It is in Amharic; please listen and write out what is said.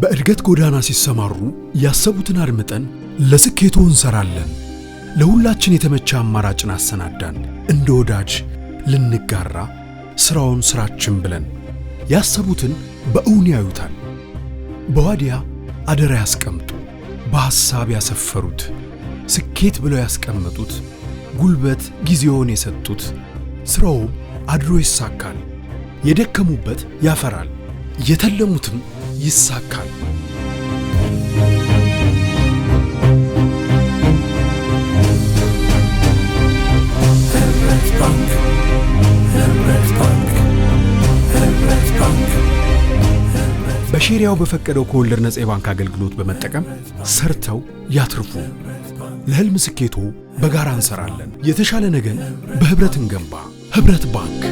በእድገት ጎዳና ሲሰማሩ ያሰቡትን አድምጠን ለስኬቱ እንሰራለን። ለሁላችን የተመቸ አማራጭን አሰናዳን። እንደ ወዳጅ ልንጋራ ስራውን ስራችን ብለን ያሰቡትን በእውን ያዩታል። በዋዲያ አደራ ያስቀምጡ በሐሳብ ያሰፈሩት ስኬት ብለው ያስቀመጡት ጉልበት ጊዜውን የሰጡት ሥራውም አድሮ ይሳካል። የደከሙበት ያፈራል፣ የተለሙትም ይሳካል። በሼሪያው በፈቀደው ከወለድ ነጻ የባንክ አገልግሎት በመጠቀም ሰርተው ያትርፉ። ለህልም ስኬቶ በጋራ እንሰራለን። የተሻለ ነገን በህብረት እንገንባ። ህብረት ባንክ